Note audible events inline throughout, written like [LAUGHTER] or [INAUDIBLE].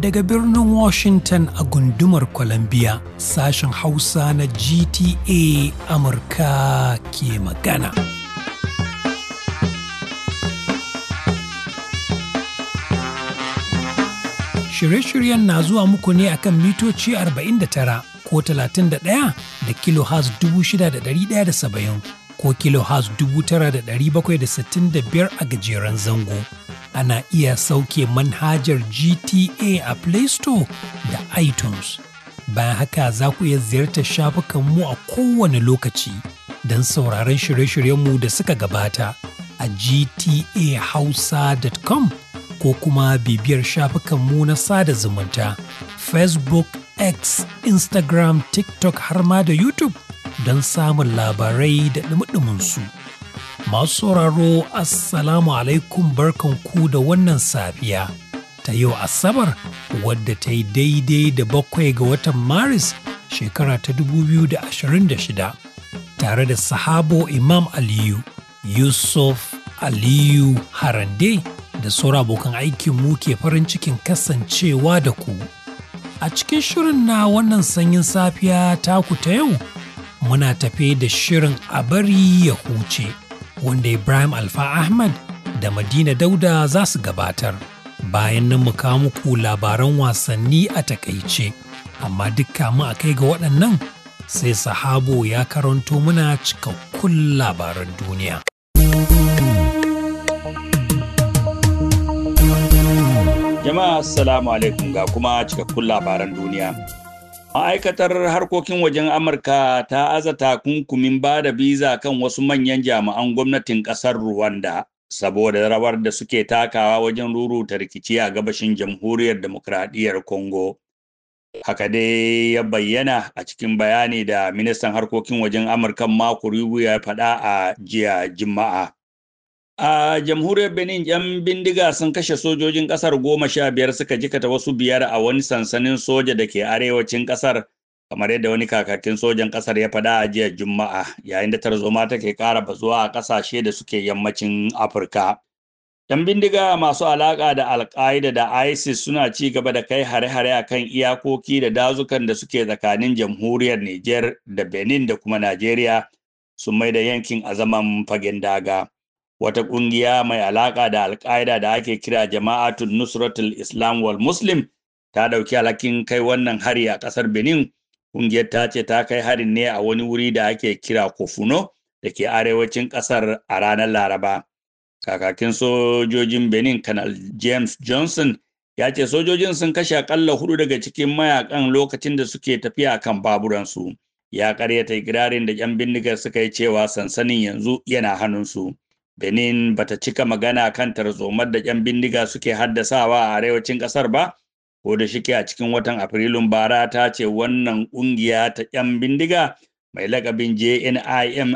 Daga birnin Washington a gundumar Columbia, sashen Hausa na GTA Amurka ke magana. Shirye-shiryen na zuwa muku ne akan mitoci 49 ko 31 da kilo has 6,170. ko kilo da sittin da biyar a gajeren zango. Ana iya sauke manhajar GTA a Play Store da iTunes. Bayan haka za ku iya ziyartar shafukanmu a kowane lokaci don sauraron shirye-shiryenmu da suka gabata a gtahausa.com ko kuma bibiyar shafukanmu na sada zumunta Facebook, X, Instagram, TikTok har ma da YouTube. don samun labarai da su. Masu sauraro Assalamu alaikum barkan ku da wannan safiya ta yau Asabar wadda ta yi daidai da bakwai ga watan Maris shekara ta 2026 tare da sahabo Imam Aliyu Yusuf Aliyu Harande da su abokan aikin mu ke farin cikin kasancewa da ku. A cikin shirin na wannan sanyin safiya taku ta yau muna tafe da shirin a bari ya huce wanda Ibrahim Alfa Ahmad da Madina Dauda za su gabatar. Bayan nan mu kawo muku labaran wasanni a takaice, amma dukka mu a kai ga waɗannan sai sahabo ya karanto muna cikakkun labaran duniya. Jama'a Assalamu alaikum ga kuma cikakkun labaran duniya. Ma'aikatar harkokin wajen Amurka ta aza takunkumin ba da biza kan wasu manyan jami'an gwamnatin ƙasar Rwanda saboda rawar da suke takawa wajen ruruta rikici a gabashin jamhuriyar demokradiyyar Congo. Haka dai ya bayyana a cikin bayani da ministan harkokin wajen Amurka Marco Rubio ya faɗa a jiya Juma'a. A jamhuriyar Benin, 'yan bindiga sun kashe sojojin ƙasar goma sha biyar suka jikata wasu biyar a wani sansanin soja da ke arewacin ƙasar, kamar yadda wani kakakin sojan ƙasar ya faɗa a jiya Juma'a, yayin da tarzoma take ƙara bazuwa a ƙasashe da suke yammacin Afirka. 'Yan bindiga masu alaƙa da al da ISIS suna ci gaba da kai hare-hare a kan iyakoki da dazukan da suke tsakanin jamhuriyar Nijar da Benin da kuma Najeriya sun mai da yankin a zaman fagen daga. wata ƙungiya mai alaƙa da alƙa'ida da ake kira jama'atun nusratul islam wal muslim ta ɗauki alhakin kai wannan hari a ƙasar benin ƙungiyar ta ce ta kai harin ne a wani wuri da ake kira kofuno da ke arewacin ƙasar a ranar laraba kakakin sojojin benin kanal james johnson ya ce sojojin sun kashe akalla hudu daga cikin mayakan lokacin da suke tafiya kan baburansu ya karyata ikirarin da yan bindigar suka yi cewa sansanin yanzu yana hannunsu benin ba ta cika magana kan tarzomar da 'yan bindiga suke haddasawa a arewacin ƙasar ba ko da shike a cikin watan afrilun bara ta ce wannan ƙungiya ta 'yan bindiga mai lakabin jnim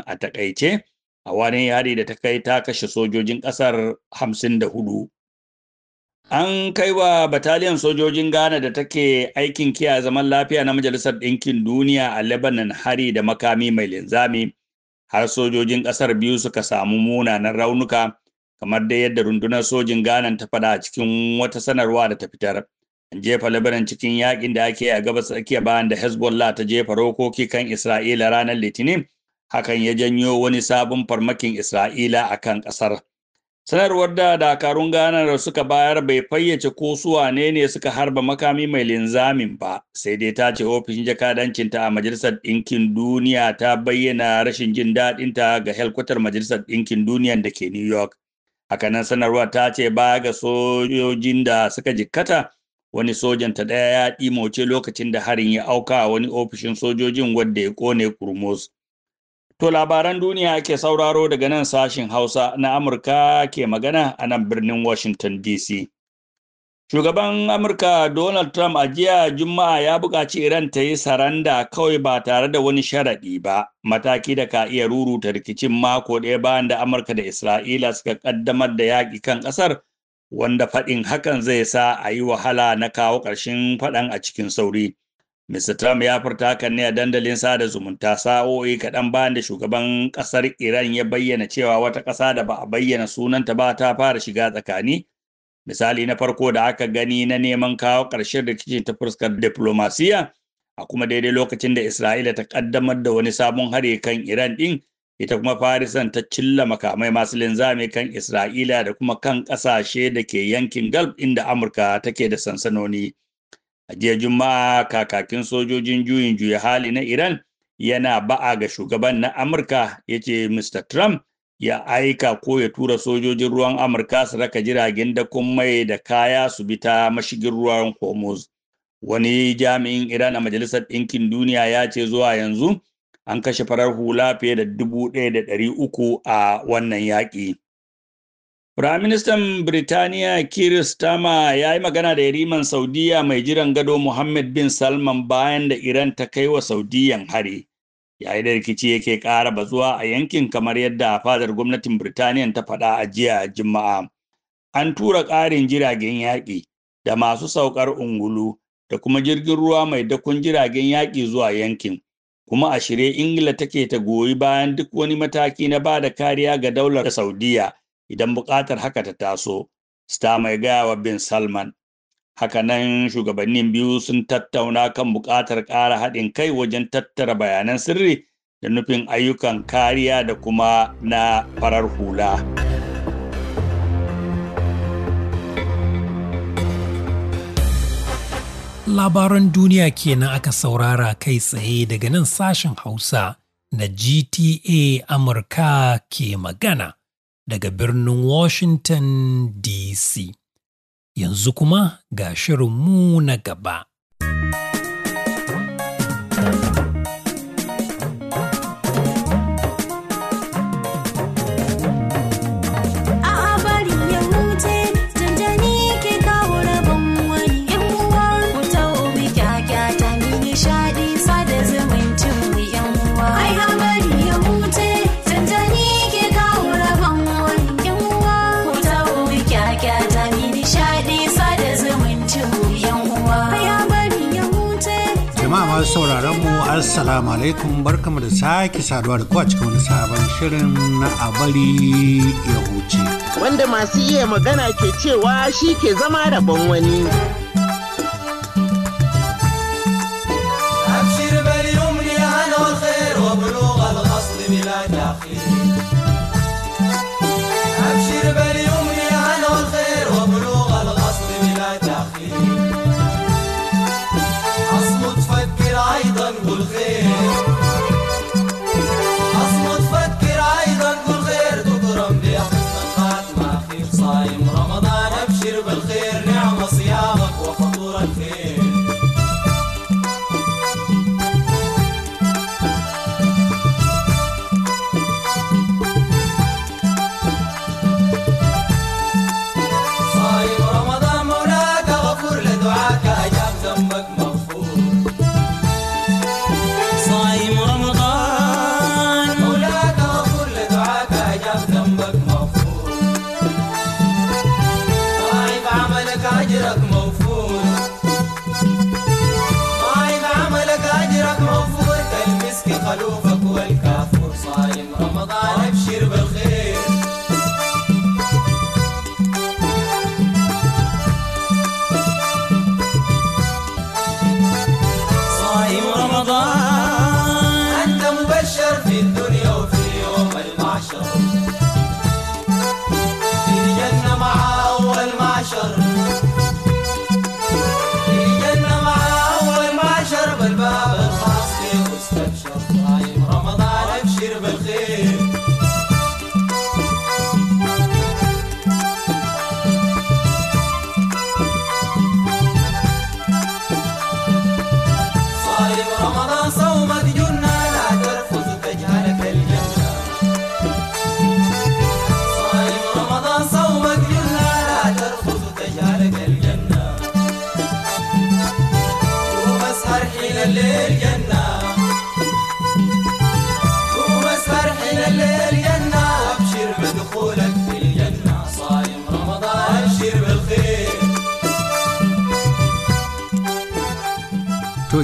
a takaice a wani hari da ta kai ta kashe sojojin ƙasar hamsin da hudu. An kai wa bataliyan sojojin Ghana da take aikin kiyaye zaman lafiya na Majalisar Ɗinkin Duniya a Lebanon hari da makami mai linzami har sojojin ƙasar biyu suka samu munanan raunuka kamar dai yadda rundunar sojin Ghana ta faɗa a cikin wata sanarwa da ta fitar. An jefa Lebanon cikin yaƙin da ake a gabas tsakiya bayan da Hezbollah ta jefa rokoki kan Isra'ila ranar Litinin, hakan ya janyo wani sabon farmakin Isra'ila a kan ƙasar. sanarwar da dakarun ganar suka bayar bai fayyace ko su wane ne suka harba makami mai linzamin ba sai dai ta ce ofishin jakadancin ta a majalisar ɗinkin duniya ta bayyana rashin jin daɗin ta ga helkwatar majalisar ɗinkin duniya da ke new york hakanan sanarwar ta ce baya ga sojojin da suka jikkata wani sojan ta ɗaya ya ɗimoce lokacin da harin ya auka wani ofishin sojojin wanda ya kone kurmos. To labaran duniya ke sauraro daga nan sashin Hausa na Amurka ke magana a nan birnin Washington DC. Shugaban Amurka Donald Trump a jiya Juma'a ya buƙaci Iran ta yi saranda kawai ba tare da wani sharaɗi ba, mataki da ka iya ruruta rikicin mako ɗaya bayan da Amurka da Isra'ila suka ƙaddamar da yaƙi kan ƙasar, wanda faɗin hakan zai sa a yi wahala na kawo ƙarshen faɗan a cikin sauri. Mr. Trump ya furta hakan ne a dandalin sada zumunta sa'o'i kaɗan bayan da shugaban ƙasar Iran ya bayyana cewa wata ƙasa da ba a bayyana sunanta ba ta fara shiga tsakani. Misali na farko da aka gani na neman kawo ƙarshen rikicin ta fuskar diplomasiya a kuma daidai lokacin da Isra'ila ta ƙaddamar da wani sabon hari kan Iran ɗin ita kuma Farisan ta cilla makamai masu linzami kan Isra'ila da kuma kan ƙasashe da ke yankin Gulf inda Amurka take da sansanoni. jiya juma'a kakakin sojojin juyin juya hali na iran yana ba'a ga shugaban na amurka ya ce mr trump ya aika ko ya tura sojojin ruwan amurka su raka jiragen da mai da kaya su bi ta mashigin ruwan hormuz wani jami'in iran a majalisar ɗinkin duniya ya ce zuwa yanzu an kashe farar hula fiye da dubu ɗaya da ɗari uku a wannan yaƙi Firaministan Birtaniya Keir Starmer ya yi magana da yariman Saudiya mai jiran gado Mohammed bin Salman bayan da Iran ta kai wa Saudiyan hari. yi da rikici yake ƙara bazuwa a yankin kamar yadda fadar gwamnatin Birtaniya ta faɗa a jiya Juma'a. An tura ƙarin jiragen yaƙi da masu saukar ungulu da kuma jirgin ruwa mai dakon jiragen yaƙi zuwa yankin. Kuma a shirye Ingila take ta goyi bayan duk wani mataki na ba da kariya ga daular Saudiya. idan buƙatar haka ta taso star mai gaya wa bin salman hakanan shugabannin biyu sun tattauna kan buƙatar ƙara haɗin kai wajen tattara bayanan sirri da nufin ayyukan kariya da kuma na farar hula. Labaran duniya kenan aka saurara kai tsaye daga nan sashen Hausa na GTA Amurka ke magana daga birnin Washington DC. Yanzu kuma ga shirinmu na gaba. Assalamu alaikum barkamu da sake saduwa da kowa cikin wani sabon shirin na abari ya huce. Wanda masu iya magana ke cewa shi ke zama rabon wani. أبشر باليمن أنا والخير وبلوغ القصد بلا داخل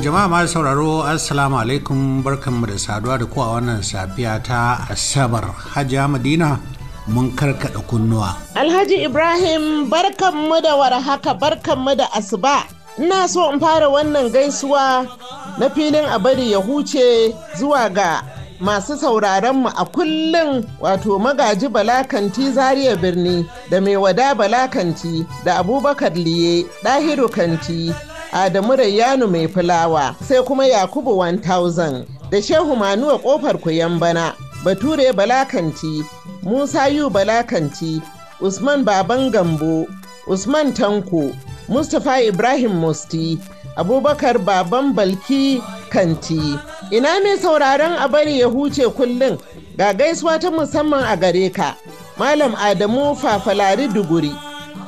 jama'a masu sauraro assalamu alaikum barkanmu da saduwa da kowa, wannan safiya ta asabar hajiya madina mun karkada kunnuwa alhaji ibrahim barkanmu da warhaka barkanmu da asuba ina so in fara wannan gaisuwa na filin a bari ya huce zuwa ga masu sauraron mu a kullum wato magaji balakanti zaria birni da mai wada balakanti da abubakar liye ɗahiru kanti Adamu Rayyanu mai fulawa sai kuma Yakubu 1000 da Shehu Manuwa kofar bana Bature Balakanti, Musa Yu Balakanti, Usman Baban Gambo, Usman Tanko, Mustapha Ibrahim Musti, Abubakar Baban Balki Kanti. Ina mai sauraron a bari ya huce kullum ga gaisuwa ta musamman a gare ka. Malam Adamu Fafalari Duguri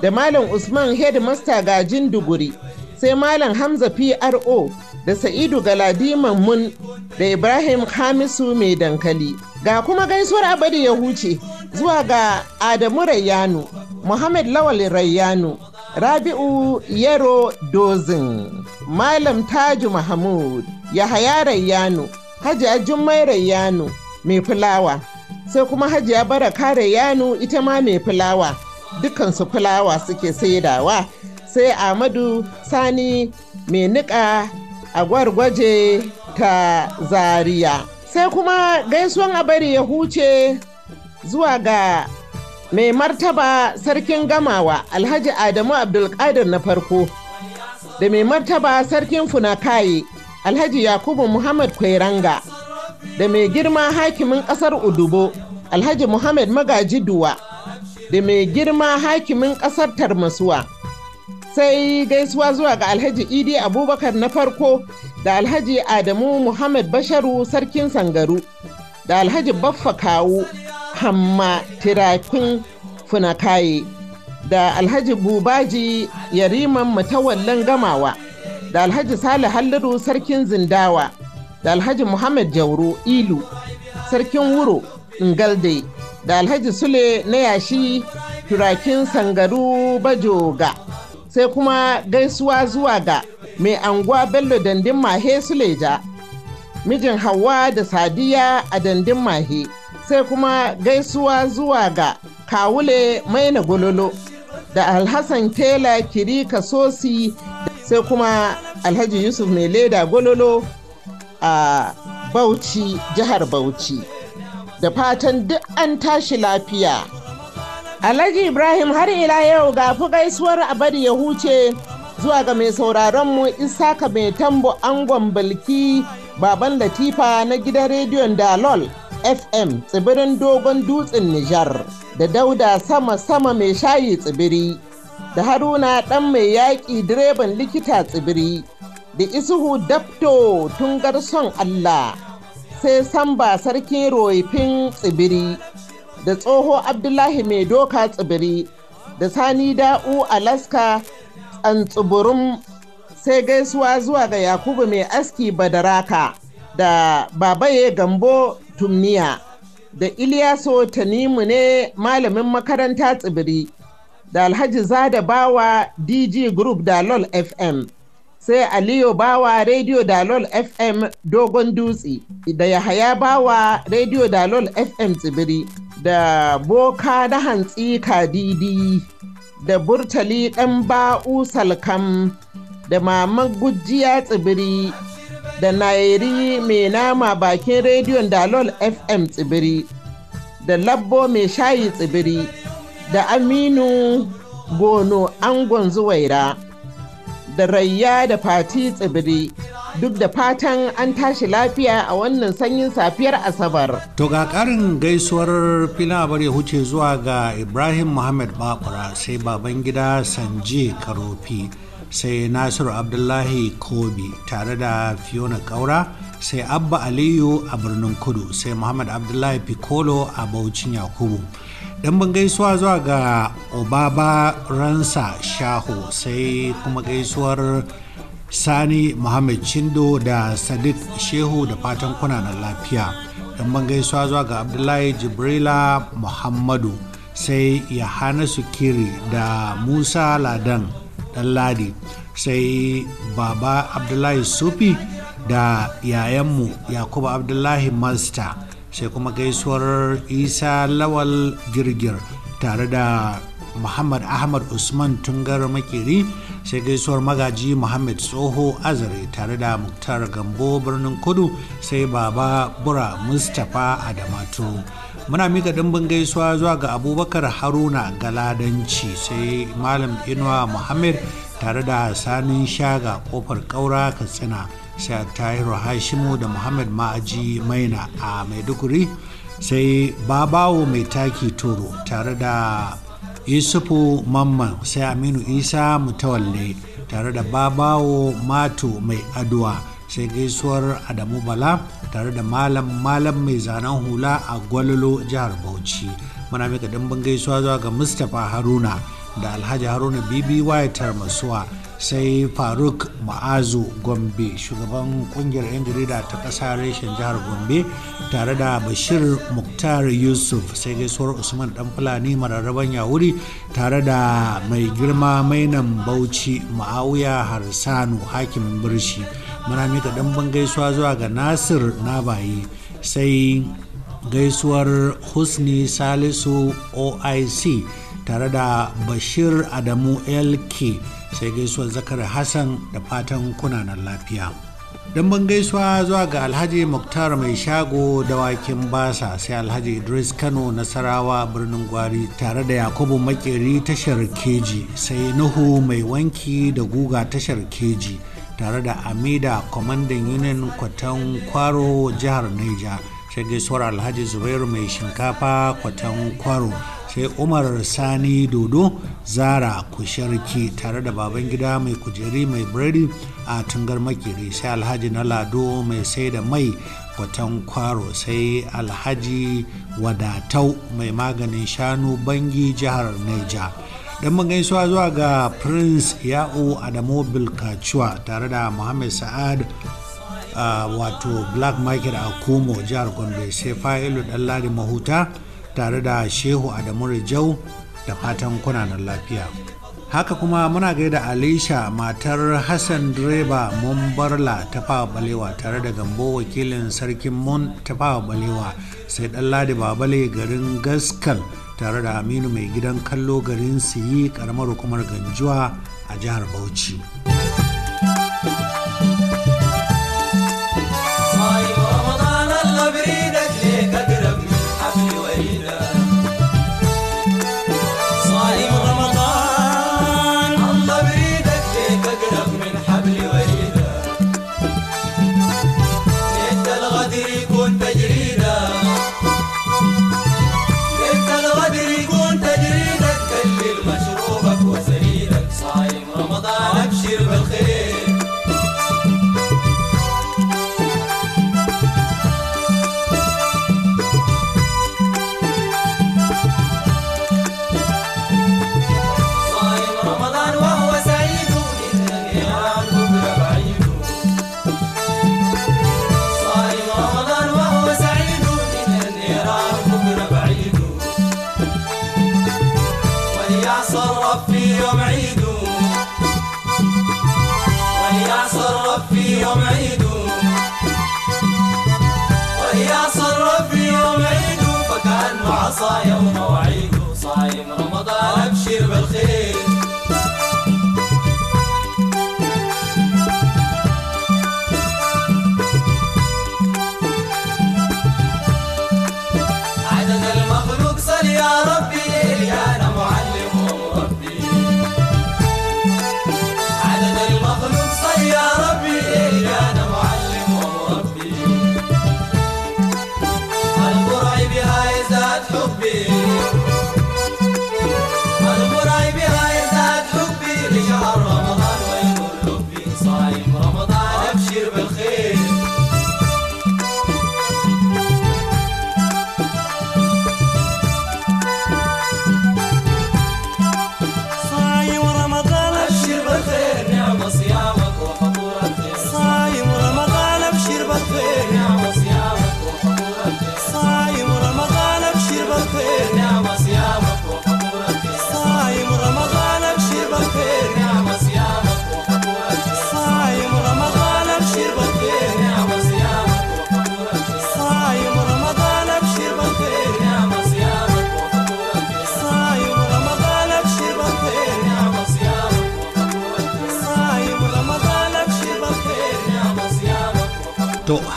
da Malam Usman Headmaster Gajin Duguri. sai Malam Hamza PRO da Sa'idu Galadi Mammun da Ibrahim Hamisu mai dankali. Ga kuma gaisuwar abadi ya huce zuwa ga Adamu Rayyanu, Muhammad Lawal Rayyanu, Rabi'u Yero Dozin, Malam Taju Mahmud, Yahaya Rayyanu, Hajiya Jummai Rayyanu mai fulawa, sai kuma Hajiya Baraka Rayyanu ita ma mai fulawa. Dukansu fulawa suke saidawa sai Ahmadu Sani mai niƙa a gwargwaje ta Zaria. Sai kuma gaisuwan a bari ya huce zuwa ga mai martaba sarkin gamawa Alhaji Adamu Abdulkadir na farko da mai martaba sarkin funakaye Alhaji Yakubu Muhammad Kwairanga da mai girma hakimin ƙasar Udubo Alhaji Muhammad magajiduwa da mai girma hakimin ƙasar Tarmasuwa. sai gaisuwa zuwa ga alhaji idi abubakar na farko da alhaji adamu muhammad basharu sarkin sangaru da alhaji baffa kawu hamma tirakin funakaye da alhaji bubaji yariman matawallan gamawa da alhaji Sale halliru sarkin zindawa da alhaji muhammad jauro ilu sarkin wuro ngalde da alhaji sule na yashi turakin sangaru bajoga sai kuma gaisuwa zuwa ga mai anguwa bello dandin mahe suleja mijin hawa da sadiya a dandin mahe sai kuma gaisuwa zuwa ga kawule maina gololo da alhassan tela kiri kasosi sai kuma alhaji yusuf mai leda gololo a bauchi jihar bauchi da fatan duk an tashi lafiya Alhaji Ibrahim har ila yau ga fi gaisuwar a ya huce zuwa ga mai sauraron mu Isaka mai tambo angon balki baban Latifa na gidan rediyon Dalol FM tsibirin dogon dutsen Nijar da dauda sama sama mai shayi tsibiri da haruna dan mai yaƙi direban likita tsibiri da isuhu dafto tun garson Allah sai samba sarkin roifin tsibiri da tsoho abdullahi mai doka tsibiri da sani da'u alaska tsibirin sai gaisuwa zuwa ga yakubu mai aski badaraka da babaye gambo tumniya da iliyaso tanimu ne malamin makaranta tsibiri da alhaji zada bawa dg group dalol fm sai aliyo bawa radio dalol fm dogon dutse da yahaya bawa radio dalol fm tsibiri da boka da hantsi kadidi da burtali ɗan ba'u salkam da maman gujiya tsibiri da nairi mai nama bakin rediyon dalol fm tsibiri da labbo mai shayi tsibiri da aminu gono angon zuwaira. da rayya da fati tsibiri duk da fatan an tashi lafiya a wannan sanyin safiyar asabar. To ga karin gaisuwar filabar ya huce zuwa ga Ibrahim Muhammad Bakura sai baban gida Sanje Karofi sai Nasiru Abdullahi Kobi tare da Fiona Kaura sai Abba Aliyu a birnin Kudu sai Muhammad Abdullahi Piccolo a bauchin Yakubu. dan ban gaisuwa zuwa ga obaba ransa shaho sai kuma gaisuwar sani muhammad chindo da sadiq shehu da fatan kuna na lafiya dan ban gaisuwa zuwa ga abdullahi jibrila muhammadu sai yahana sukiri da musa ladan dan ladi sai baba abdullahi sufi da yayanmu yakubu abdullahi master sai kuma gaisuwar isa lawal girgir tare da muhammad ahmad usman tungar makeri sai gaisuwar magaji muhammad tsoho azare tare da muktar gambo birnin kudu sai baba bura mustapha adamato muna mika dimbin gaisuwa zuwa ga abubakar haruna galadanci sai malam inuwa muhammad tare da sanin shaga kofar kaura katsina tahiru Hashimu da Muhammad Ma'aji Maina a Maiduguri sai Babawo mai taki toro tare da Yusufu Mamman sai Aminu Isa Mutawalle tare da Babawo Mato mai aduwa sai gaisuwar Adamu Bala tare da Malam Malam mai zanen hula a Gwalolo jihar Bauchi. Muna mika dimbin gaisuwa zuwa ga Mustapha Haruna da Alhaji Haruna BBY Tarmasuwa sai faruk ma'azu gombe shugaban kungiyar 'yan jarida ta ƙasa reshen jihar gombe tare da bashir muktar yusuf sai gaisuwar usman dan fulani mararraban wuri tare da mai girma mainan bauchi ma'auya harsanu hakimin birshi muna mika ɗan gaisuwa zuwa ga nasir nabaye sai gaisuwar husni salisu oic tare da bashir adamu lk sai gaisuwar zakar hassan da fatan kunanan lafiya ban gaisuwa zuwa ga alhaji muktar mai shago da wakin basa sai alhaji idris kano nasarawa birnin gwari tare da yakubu makeri tashar keji sai nuhu mai wanki da guga tashar keji tare da amida kwamandan yunin kwatan kwaro jihar niger sai gaisuwar alhaji zubairu mai shinkafa kwatan kwaro sai umar sani dodo zara kusharki tare da baban gida mai kujeri mai biredi a tungar makeri sai alhaji na lado mai sai da mai watan kwaro sai alhaji wadatau mai maganin shanu bangi jihar neja dan mun gaisuwa zuwa ga prince Yau adamu bilkacuwa tare da muhammad sa'ad wato black market a kumo jihar gombe sai fa'ilu ɗanladi mahuta tare da shehu adamu rijau da fatan kunanan lafiya haka kuma muna gaida alisha matar hassan direba mumbarla ta fawa balewa tare da gambo wakilin sarkin mun ta fawa balewa sai dan ladi babale garin gaskal tare da aminu mai gidan kallo garin siyi karamar hukumar ganjuwa a jihar bauchi. 와서요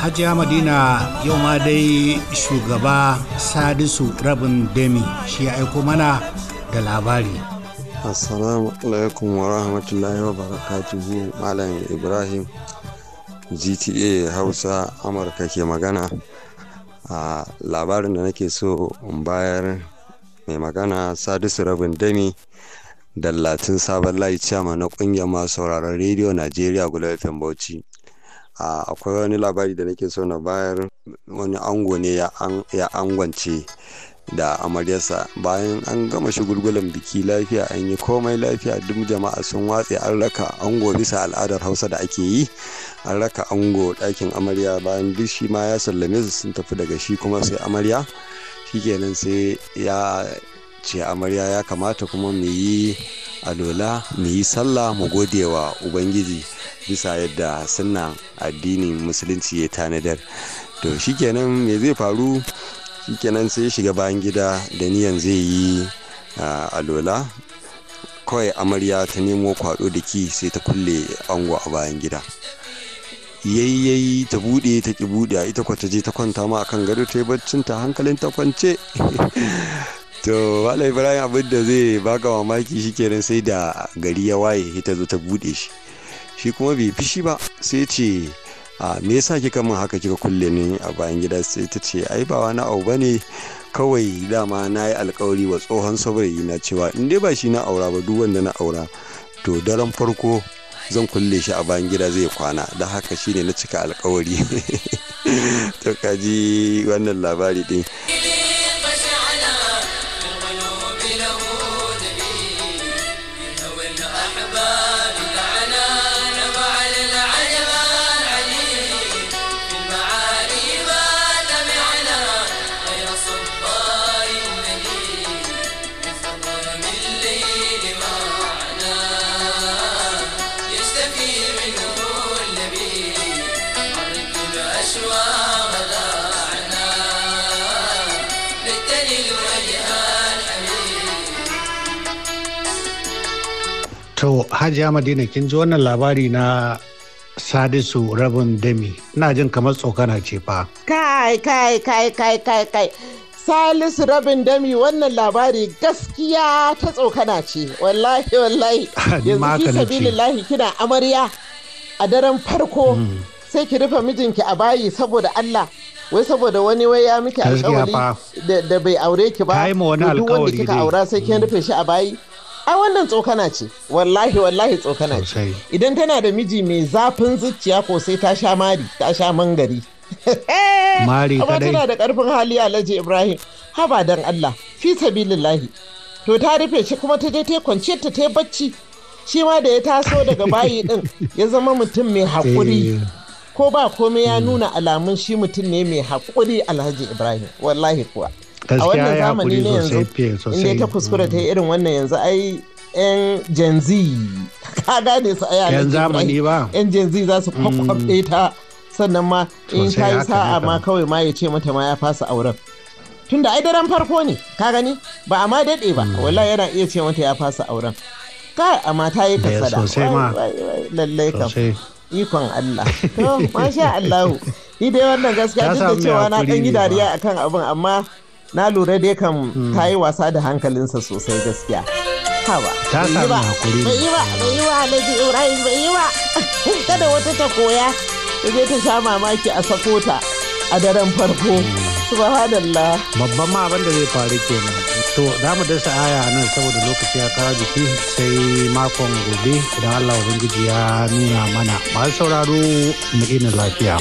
hajiya madina yau ma dai shugaba sadisu rabin demi shi ya aiko mana da labari assalamu alaikum wa rahmatullahi wa barakatuhu malam ibrahim gta hausa amurka ke magana a labarin da nake so in bayar mai magana sadisu rabin dami dallatin sabon layi ciyama na kungiyar masu sauraron rediyo najeriya guda bauchi akwai wani labari da nake so na bayar wani ango ne ya angwance da amaryarsa bayan an gama shagulgulan biki lafiya an yi komai lafiya duk jama'a sun watse an raka ango bisa al'adar hausa da ake yi an raka ango ɗakin amarya bayan duk shi ma ya sallame su sun tafi daga shi kuma sai amarya shi shikenan sai ya ce amarya ya kamata kuma mu yi alola mu yi sallah mu gode wa ubangiji bisa yadda sunna addinin musulunci ya tanadar to shikenan me zai faru shikenan sai shiga bayan gida da niyan zai yi alola kawai amarya ta nemo kwado da ki sai ta kulle ango a bayan gida yayi ta bude ta ki bude ita kwata je ta kwanta ma akan gado ta yi baccin ta hankalin ta kwance [LAUGHS] to wala ibrahim abin da zai baka mamaki shi kenan sai da gari ya waye ita zo ta bude shi shi kuma bai fishi ba sai ce a me yasa kika min haka kika kulle ni a bayan gida sai ta ce ai ba wani abu bane kawai dama na yi alkawari wa tsohon saurayi na cewa in dai ba shi na aura ba duk wanda na aura to daren farko zan kulle shi a bayan gida zai kwana da haka shine na cika alkawari [LAUGHS] to kaji wannan labari din hajiya madina kin ji wannan labari na sadisu rabin Demi. ina jin kamar tsokana ce fa kai kai kai kai kai kai salisu rabin Demi wannan labari gaskiya ta tsokana ce wallahi wallahi [LAUGHS] yanzu fi sabilillahi kina amarya a daren farko hmm. sai ki rufe mijinki a bayi saboda Allah wai saboda wani wai ya miki alkawari da bai aure ki ba yi duk wanda kika aura sai kin hmm. rufe shi a bayi ai wannan tsokana ce wallahi wallahi tsokana ce idan tana da miji mai zafin zuciya ko sai ta sha mari ta sha mangari [LAUGHS] eh, mari tana da karfin hali alhaji ibrahim haba dan allah fi sabilillahi to ta rufe shi kuma ta je ta kwanciyar ta ta bacci shi ma da ya taso daga bayi [LAUGHS] din ya zama mutum mai haƙuri eh. ko ba komai ya mm. nuna alamun shi mutum ne mai hakuri alhaji ibrahim wallahi kuwa Gaskiya a wannan sosai ne yanzu in ta kuskura ta irin wannan yanzu ai yan gen z ka gane su a yan zamani ba yan gen z za su mm. kwakwabe ta sannan ma in ta yi sa'a ma kawai ma ya ce mata ma ya fasa auren tunda ai daren farko ne ka gani ba a ma daɗe ba mm. wallahi yana iya ce mata ya fasa auren kai amma ta yi kasada eh, lallai kam ikon Allah [LAUGHS] to masha Allah ni dai wannan gaskiya duk da cewa na dan yi dariya akan abin amma na lura dai kam hmm. ta yi wasa da hankalinsa sosai gaskiya hawa ta samu hakuri bai yi ba bai yi wa alhaji ibrahim bai yi [LAUGHS] kada wata ta koya ta je ta sha mamaki a sako ta a daren farko hmm. subhanallah babban ma abin da zai faru kenan to za mu dasa aya nan saboda lokaci ya kawo jiki sai makon gobe idan allah ubangiji ya nuna mana masu sauraro mu lafiya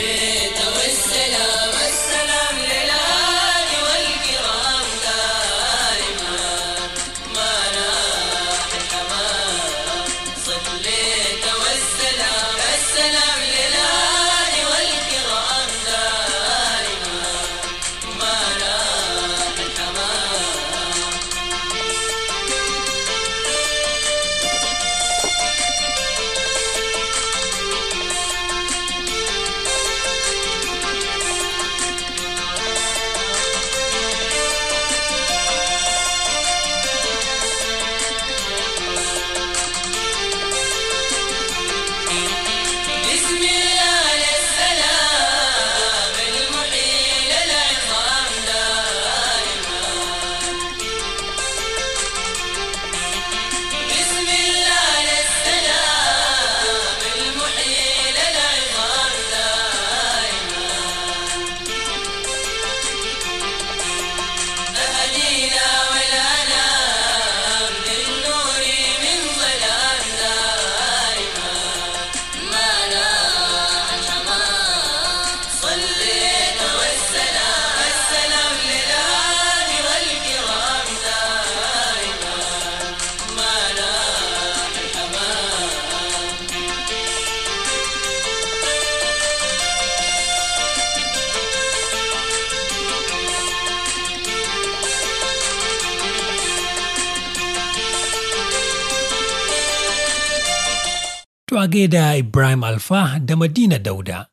da Ibrahim Alfa da Madina Dauda.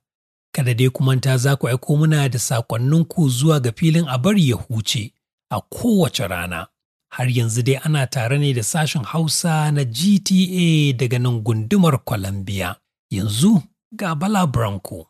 Kada dai kumanta za ku aiko muna da sakonninku zuwa ga filin a bari ya huce a kowace rana. Har yanzu dai ana tare ne da sashen Hausa na GTA daga nan gundumar Columbia. Yanzu ga Bala Branko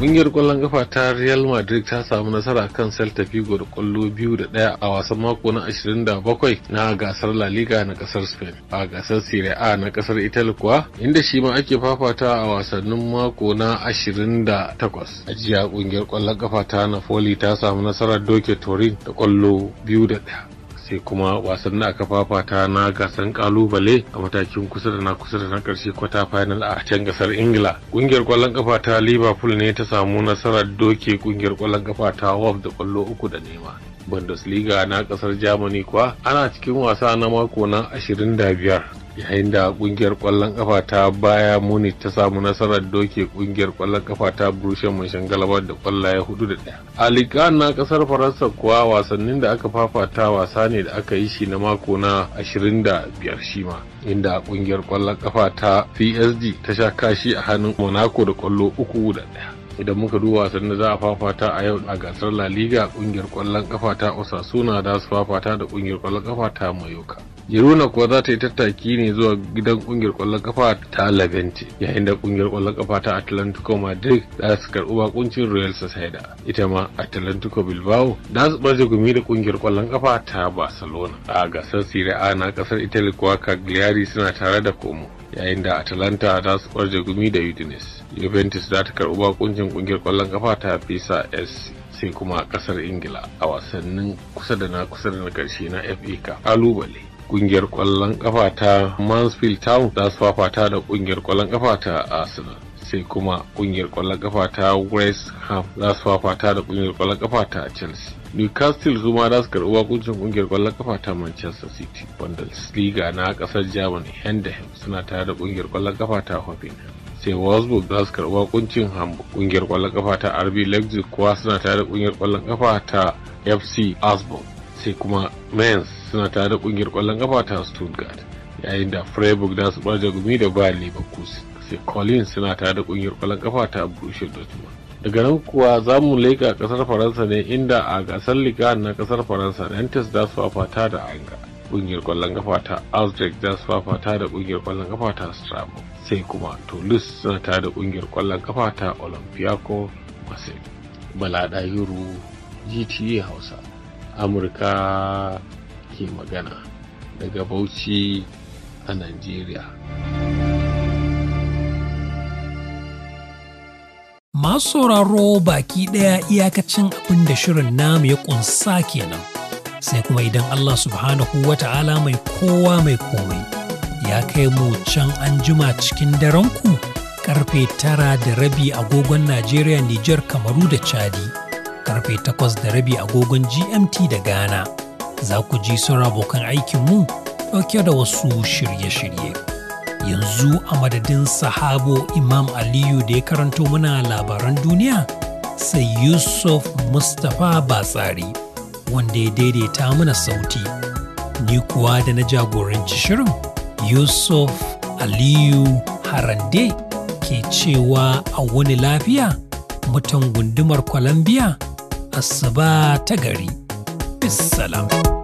Ƙungiyar ƙwallon kafa ta Real Madrid ta samu nasara kan Celta Vigo da ƙwallo biyu da ɗaya a wasan mako na 27 na gasar La Liga na ƙasar Spain. A gasar Serie A na ƙasar Italy kuwa inda shi ma ake fafata a wasannin mako na 28. A jiya ƙungiyar ƙwallon kafa ta Napoli ta samu nasarar doke Turin da ƙwallo biyu da ɗaya. sai kuma wasannin aka fafata na gasar kalubale a matakin kusa da na kusa da na karshe kwata final a can gasar ingila kungiyar kwallon kafa ta liverpool ne ta samu nasarar doke kungiyar kwallon kafa ta wolf da kwallo uku da nema bundesliga na kasar germany kuwa ana cikin wasa na mako na 25 yayin da kungiyar kwallon kafa ta baya muni ta samu nasarar doke kungiyar kwallon kafa ta brushe munshin galabar da kwallaye hudu da daya a likan na kasar faransa kuwa wasannin da aka fafata wasa ne da aka yi shi na mako na 25 shi ma inda kungiyar kwallon kafa ta psg ta sha kashi a hannun monaco da kwallo uku da daya idan muka duba wasan da za a fafata a yau a gasar La Liga kungiyar kwallon kafa ta Osasuna da su fafata da kungiyar kwallon kafa ta Mayoka. Jiruna kuwa za ta yi tattaki ne zuwa gidan kungiyar kwallon kafa ta Levante yayin da kungiyar kwallon kafa ta Atlantico Madrid za su karɓi bakuncin Real Sociedad ita ma Atlantico Bilbao za su baje gumi da kungiyar kwallon kafa ta Barcelona a gasar Serie A na kasar Italy kuwa Cagliari suna tare da Como yayin da Atalanta za su barje gumi da Udinese Juventus za ta karɓi bakuncin kungiyar kwallon kafa ta Pisa SC sai kuma a kasar ingila a wasannin kusa da na kusa da na karshe na fa kalubale kungiyar kwallon kafa ta mansfield town za su fafata da kungiyar kwallon kafa ta arsenal sai kuma kungiyar kwallon kafa ta west ham za su fafata da kungiyar kwallon kafa ta chelsea newcastle zuma za su karɓi wakuncin kungiyar kwallon kafa ta manchester city bundesliga na kasar germany hendem suna tare da kungiyar kwallon kafa ta hoffenheim sai Wolfsburg za su karɓi wakuncin Hamburg. Ƙungiyar ƙwallon ƙafa ta RB Leipzig kuwa suna tare da ƙungiyar ƙwallon ƙafa ta FC Augsburg. sai kuma mens suna tare da kungiyar kwallon kafa ta stuttgart yayin da freiburg da su barja gumi da bayan leverkusen sai collins suna tare da kungiyar kwallon kafa ta da dortmund daga nan kuwa za mu a kasar faransa ne inda a gasar liga na kasar faransa nantes za su fafata da anga kungiyar kwallon kafa ta Austric za su fafata da kungiyar kwallon kafa ta Strabo sai kuma Toulouse suna tare da kungiyar kwallon kafa ta Olympiaco Marseille Bala ruwa GTA Hausa amurka ke magana daga bauchi a nigeria masu sauraro baki ɗaya iyakacin abin da shirin namu ya ƙunsa kenan sai kuma idan allah subhanahu wa ta'ala mai kowa mai komai ya kai mu can an jima cikin daren ku karfe tara da rabi agogon najeriya nijar kamaru da chadi karfe 8 da rabi agogon GMT da Ghana. Za ku ji sauran abokan aikinmu ɗauke da wasu shirye-shirye. Yanzu a madadin sahabo Imam Aliyu da ya karanto mana labaran duniya sai Yusuf Mustapha Batsari wanda ya daidaita mana sauti. Ni kuwa da na jagoranci shirin Yusuf Aliyu Harande ke cewa a wani lafiya mutan gundumar Colombia asuba ta gari. Bissalam.